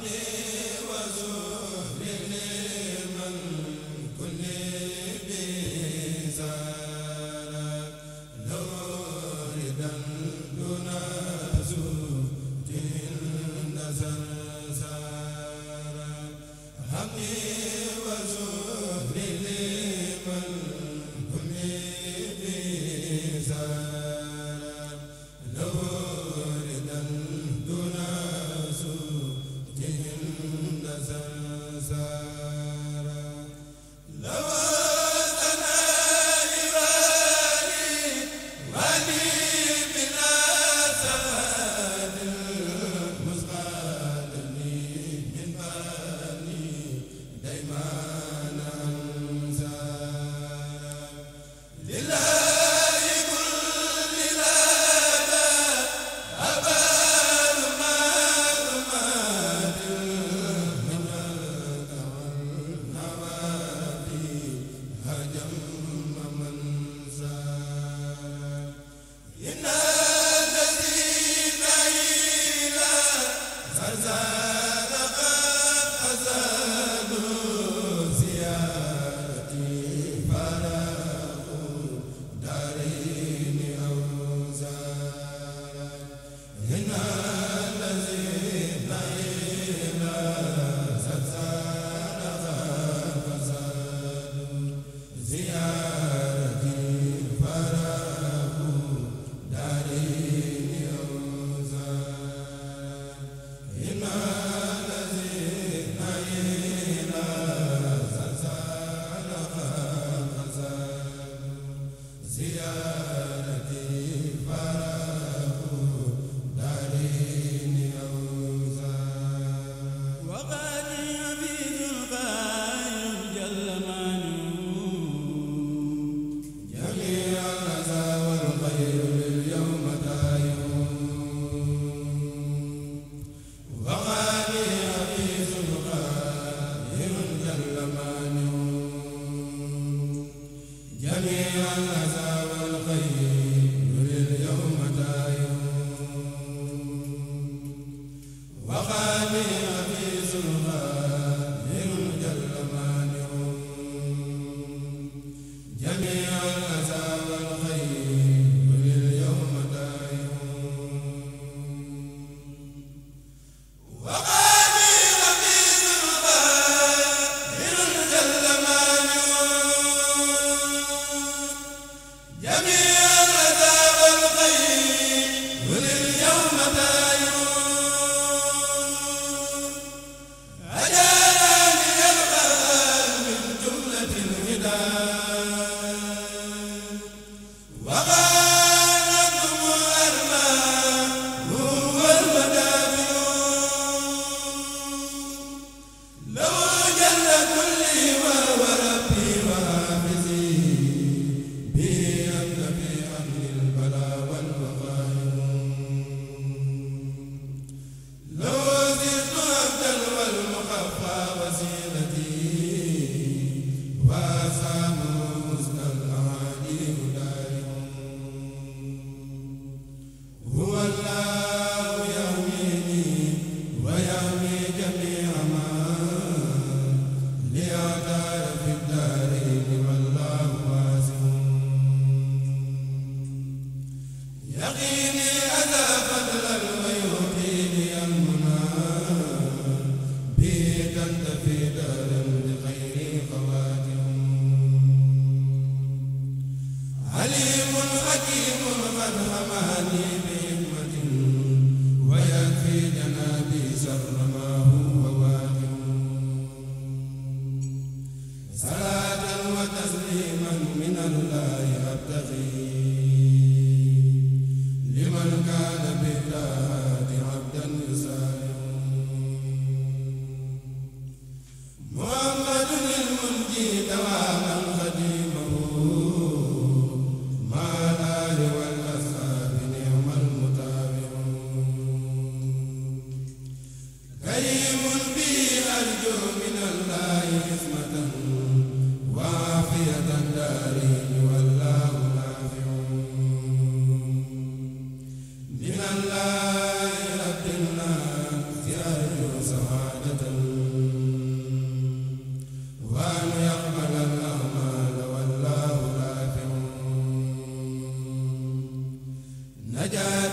Amen fi daar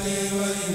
wa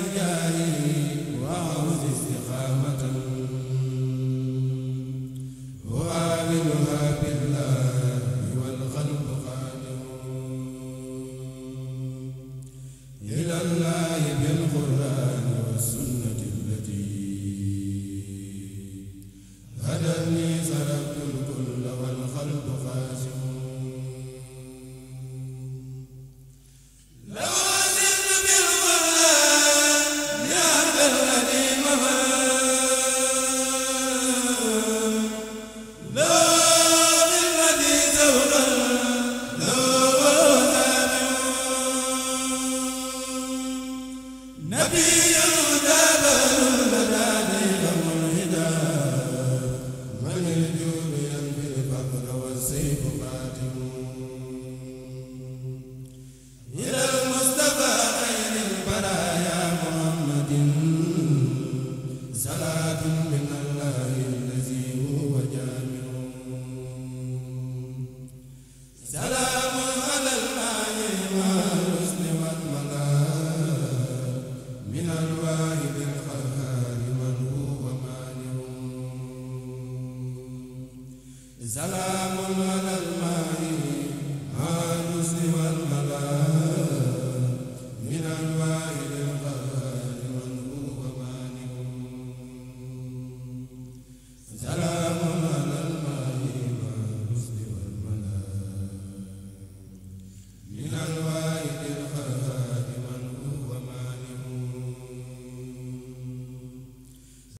salaam